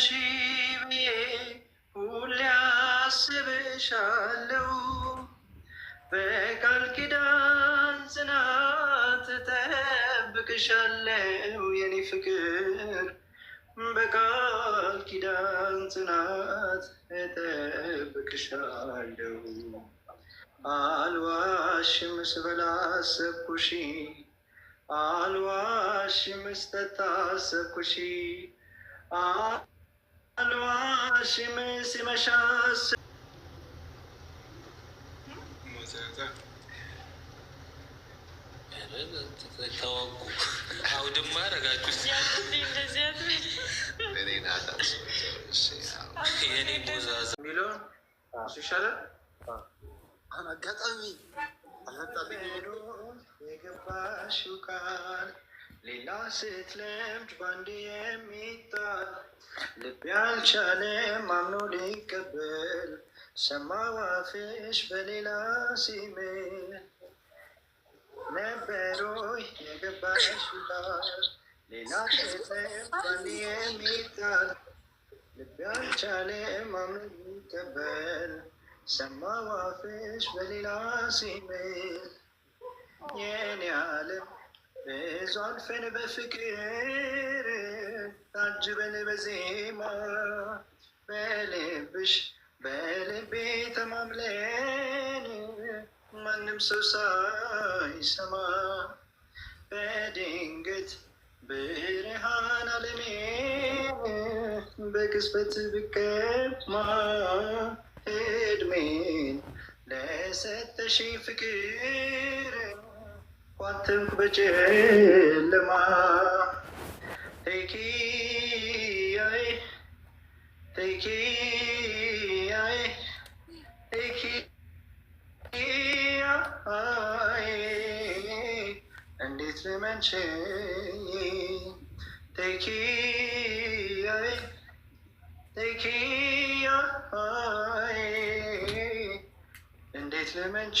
ነሽ ብዬ ሁሌ አስብሻለሁ። በቃል ኪዳን ጽናት እጠብቅሻለሁ የኔ ፍቅር፣ በቃል ኪዳን ጽናት እጠብቅሻለሁ። አልዋሽም ስበላ አሰብኩሽ፣ አልዋሽም ስጠጣ ሲመሻስ አውድማ አደረጋችሁ። አጋጣሚ አልመጣልኝም የገባሽው ቃል ሌላ ስትለምድ ባንድ የሚጣል ልብ ያልቻለ ማምኖ ሊቀበል ሰማው አፍሽ በሌላ ሲምል ነበሮይ የገባሽ ሌላ ስትለምድ ባንድ የሚጣል ልብ ያልቻለ ማምኖ ሊቀበል ሰማው አፍሽ በሌላ ሲምል የኔ አለም ዟልፈን በፍቅር ታጅበን በዜማ በልብሽ በልቤ ተማምለን ማንም ሰው ሳይሰማ በድንገት ብርሃን አለሜ በቅጽበት ብቀማ እድሜን ለሰጠሽ ፍቅር ዋትንኩ በጨለማ እንዴት ልመንሽ እንዴት ልመንሽ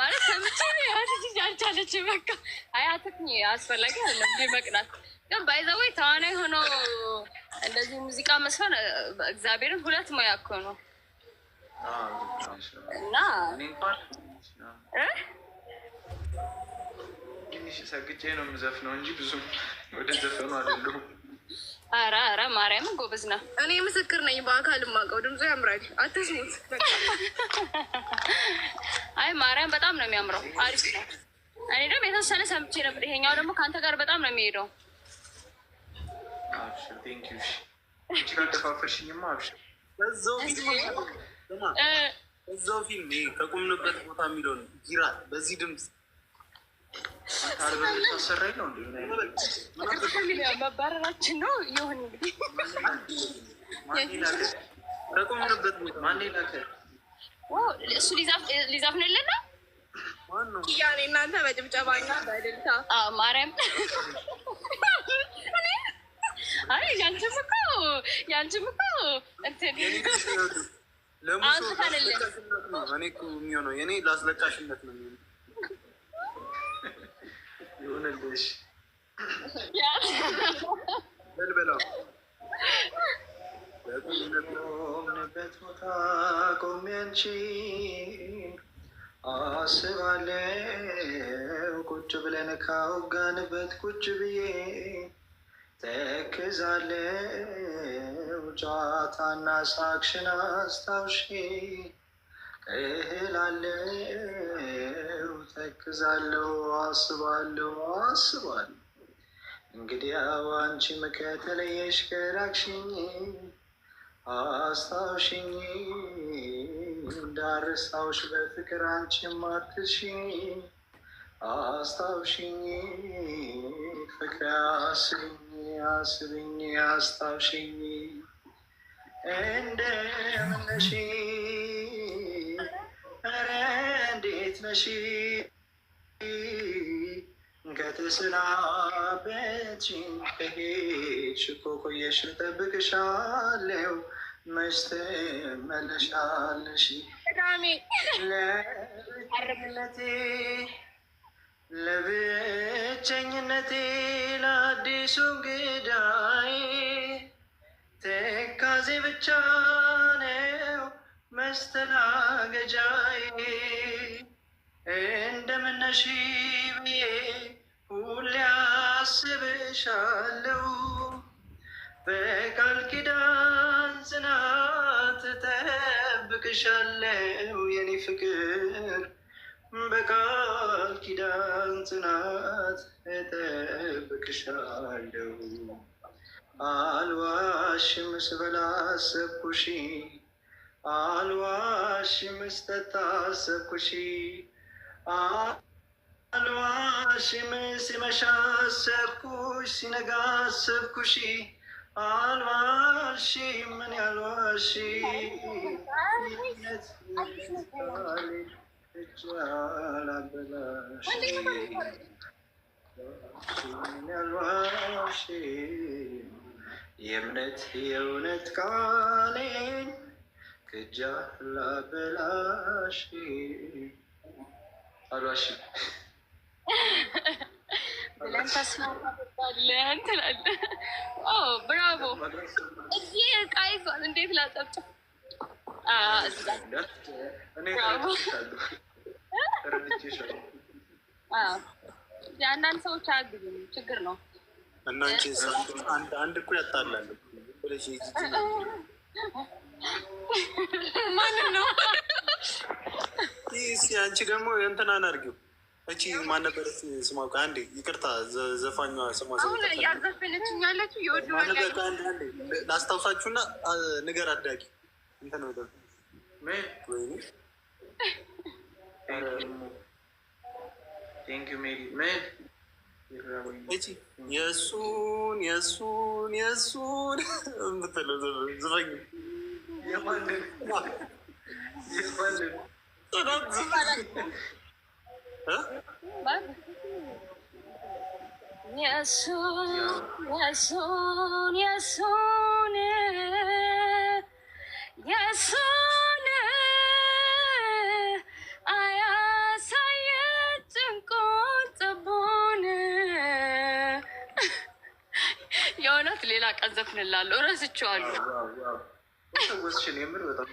ማለት ሰምቼ ልጅ አልቻለች። በቃ አያትኝ አስፈላጊ አይደለም መቅናት። ግን ባይዘወይ ተዋናይ ሆኖ እንደዚህ ሙዚቃ መስፈን እግዚአብሔርን ሁለት ሙያ እኮ ነው እና ትንሽ ሰግቼ ነው የምዘፍነው እንጂ ብዙ ወደ ዘፈኑ አይደለሁም። አረ አረ ማርያም ጎበዝ ነው። እኔ ምስክር ነኝ፣ በአካል የማውቀው ድምፁ ያምራል። አትስሙት አይ ማርያም በጣም ነው የሚያምረው፣ አሪፍ ነው። እኔ ደግሞ የተወሰነ ሰምቼ ነበር። ይሄኛው ደግሞ ከአንተ ጋር በጣም ነው የሚሄደው። እዛው ፊልም ከቁምንበት ቦታ የሚለው ነው። ጊራ በዚህ ድምፅ መባረራችን ነው ይሁን እንግዲህ ከቁምንበት ቦታ ማን ላከ እሱ ሊዛፍንልን ነው እያለ እናንተ በጭብጨባና በእልልታ ማርያም ያንቺም እኮ ያንቺም እኮ እኔ የሚሆነው የኔ ላስለቃሽነት ነው የሚሆነው። ይሁንልሽ ልበላው ስለአንቺ አስባለው ቁጭ ብለን ካወጋንበት ቁጭ ብዬ ተክዛለው ጨዋታና ሳክሽን አስታውሺ እህላለው ተክዛለው አስባለው አስባለሁ ከተለየሽ ከራቅሽኝ አስታውሽኝ እንዳረሳውሽ በፍቅር አንቺም አትሽኝ አስታውሽኝ ፍቅር አስብኝ አስብኝ አስታውሽኝ እንደምን ነሽ ኧረ እንዴት ነሽ ከተሰናበትሽኝ ከሄድሽ እኮ ቆየሽ እጠብቅሻለሁ መች ትመለሻለሽ ለብቸኝነቴ ለብቸኝነቴ ለአዲሱ ግዳይ ትካዜ ብቻ ነው መስተናገጃይ እንደምነሽ ብዬ ሁሌ አስብሻለሁ በቃል ኪዳን ጽናት ጠብቅሻለው የኔ ፍቅር በቃል ኪዳን ጽናት ጠብቅሻለው አልዋሽም ስበላ አሰብኩሽ አልዋሽም ስጠጣ አሰብኩሽ አልዋሽም ሲመሻ አሰብኩሽ ሲነጋ አሰብኩሽ አልዋልሽ ምን ያልዋልሽ ያልዋልሽ የእምነት የእውነት ቃሌን ክጃ ላበላሽ አልዋልሽ ብለን ተስፋ እናደርጋለን ብራቮ! እዚህ ይዟል። እንዴት ላጠጡ አንዳንድ ሰዎች አያግዙ ችግር ነው። እናንቺ አንድ እኮ ያጣላል። ማንም ነው። አንቺ ደግሞ እንትናን አድርጊው እቺ ማን ነበረች ስሟ? አንዴ ይቅርታ፣ ስማ ስሟ ያዘፈነችኝ ያለችው ላስታውሳችሁና ንገር አዳጊ እንትን የእሱን የእሱን የእሱን የምትለው ዘፈኝ የማንን የእውነት ሌላ ቀን ዘፍንላለሁ። ረስቼዋለሁ። ወስሽን የምን በጣም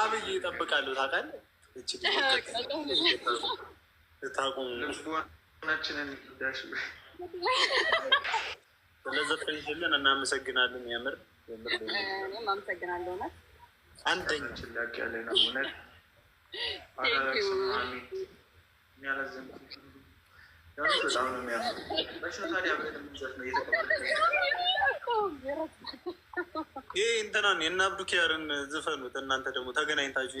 አብይ ይጠብቃሉ ታውቃለህ ስለዘፈንሽልን እናመሰግናለን። የምር አመሰግናለሁ። አንደኛ ይህ እንትናን የእነ ዝፈኑት እናንተ ደግሞ ተገናኝታችሁ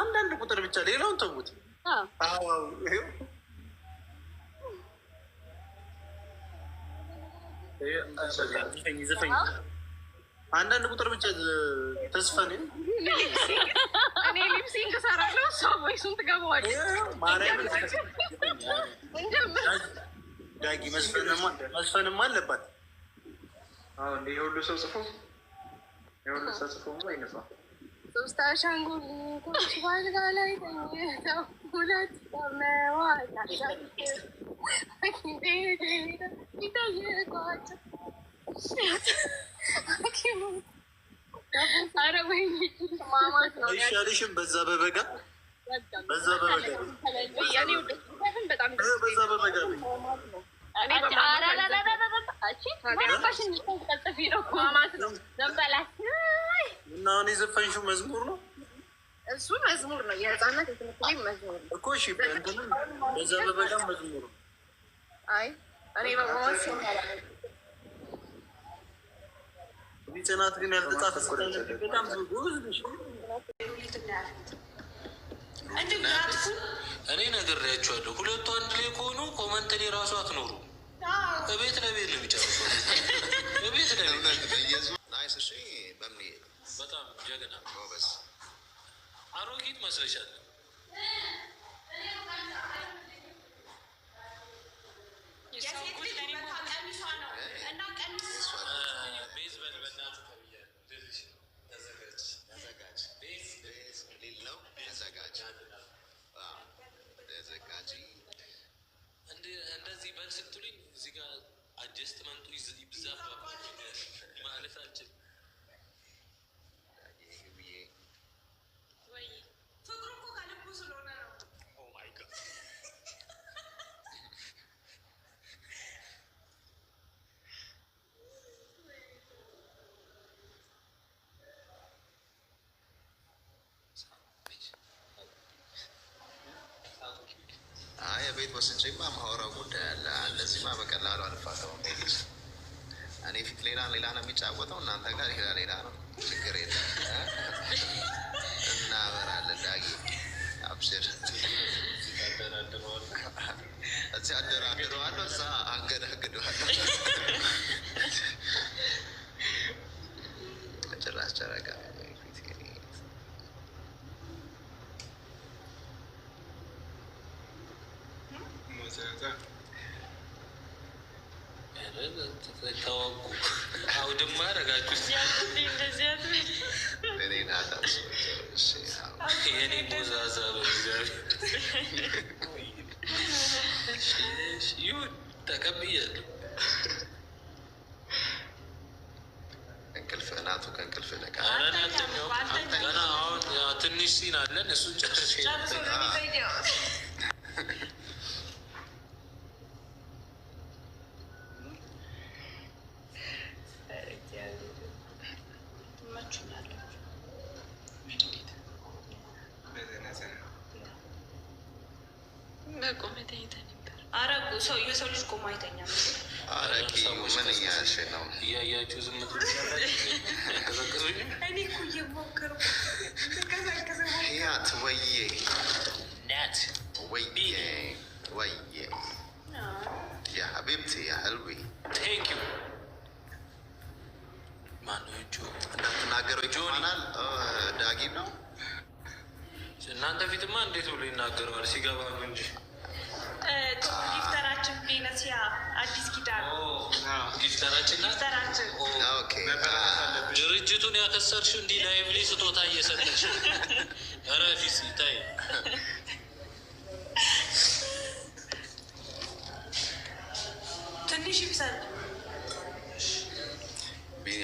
አንዳንድ ቁጥር ብቻ ሌላውን ተዉት። አንዳንድ ቁጥር ብቻ ተስፈን እኔ ሊፕሲንግ እሰራለሁ። እሷ ቮይሱን ትገባዋለች። መስፈንም አለባት። ሁሉ ሰው ጽፎ ሁሉ ሰው ጽፎ አይነፋ ሶስት አሻንጉሊቶች አልጋ ላይ ተኝተው ሁለት ቆመዋል። ይጠይቋቸው ይሻልሽም በዛ በበጋ በዛ በበጋ በዛ በበጋ እና እኔ ዘፈንሽው መዝሙር ነው እሱ መዝሙር ነው የህፃናት የትምህርት መዝሙር እኮ እሺ በዛ በበጋም መዝሙር ነው አይ እኔ በመወስ ጽናት ግን ያልተጻፈ በጣም ጎበዝ እኔ ነግሬያቸዋለሁ ሁለቱ አንድ ላይ ከሆኑ ኮመንት ላይ ራሱ አትኖሩ እቤት ለቤት ነው የሚጨርሰው እቤት ለቤት በጣም ጀግና ጎበዝ። አሮጊት መስለሻል። እንደዚህ በል ስትሉኝ እዚህ ጋር አጀስትመንቱ ይብዛ ማለት አልችልም። ተወስጄማ ማወራው ጉዳይ አለ። ማ በቀላሉ አልፋተው ሄድሽ። እኔ ፊት ሌላ ሌላ ነው የሚጫወተው፣ እናንተ ጋር ሌላ ሌላ ነው። ችግር የለም እናበራለን። ዳጊ አብሽር። እዚህ አደራድረዋለሁ፣ እዛ አንገዳግደዋለሁ። تكبير ከእንቅልፍህናቱ ከእንቅልፍህ ነቃ ሰዎች እያያችሁ ዝም ህያት ወዬ ናት ወዬ ወዬ ያ ሀቢብቲ ያ ህልቢ ቴንክ ዩ ማኖቹ እንዳትናገረው ይሆናል። ዳጊም ነው እናንተ ፊትማ እንዴት ብሎ ይናገረዋል? ሲገባ እንጂ ጊፍተራችን ቬነሲያ አዲስ ኪዳን ጊፍተራችን ድርጅቱን ያከሰርሽው እንዲህ ላይብሊ ስጦታ እየሰጠች ረዲስ ይታይ ትንሽ ይብሳል።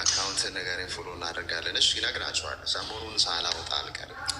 አካውንት ነገር ፎሎ እናደርጋለን። እሺ ይነግራቸዋል። ሰሞኑን ሳላወጣ አልቀርም።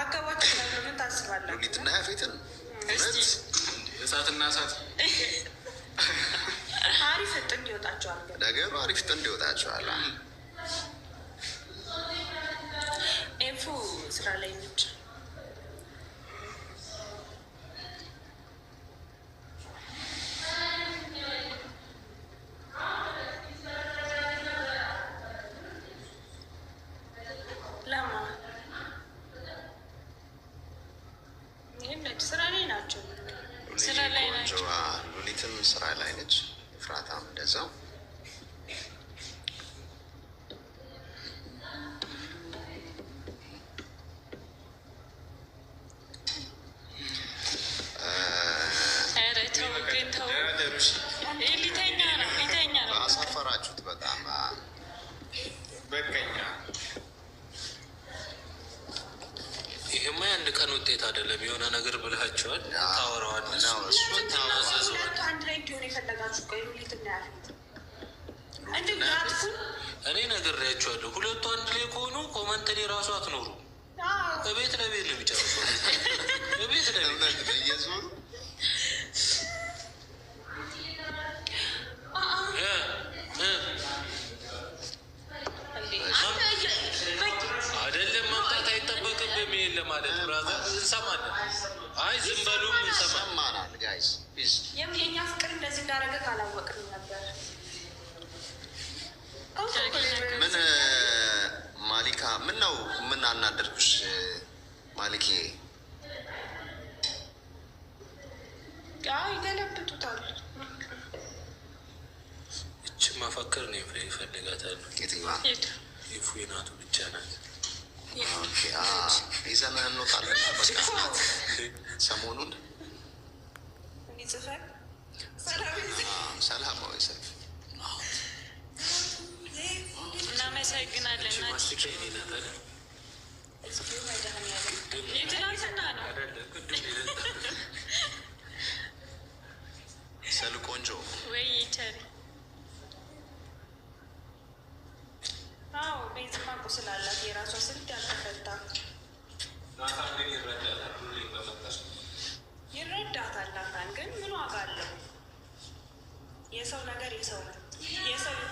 አገባችሁ ምን ታስባላችሁ? እሳትና እሳት አሪፍ ጥንድ ይወጣቸዋል። ነገሩ አሪፍ ጥንድ ይወጣቸዋል። ኤፉ ስራ ላይ ነች። Yes, one. ይገለብጡታል። እች ማፈከር ነው ይፈልጋታል። ናቱ ብቻ ናት። ይዘንህን ነው ሰሞኑን ጽፈን ስላላት የራሷ ስልት ያልተፈታ ይረዳታል። ናታን ግን ምን ዋጋ አለው? የሰው ነገር የሰው ነው።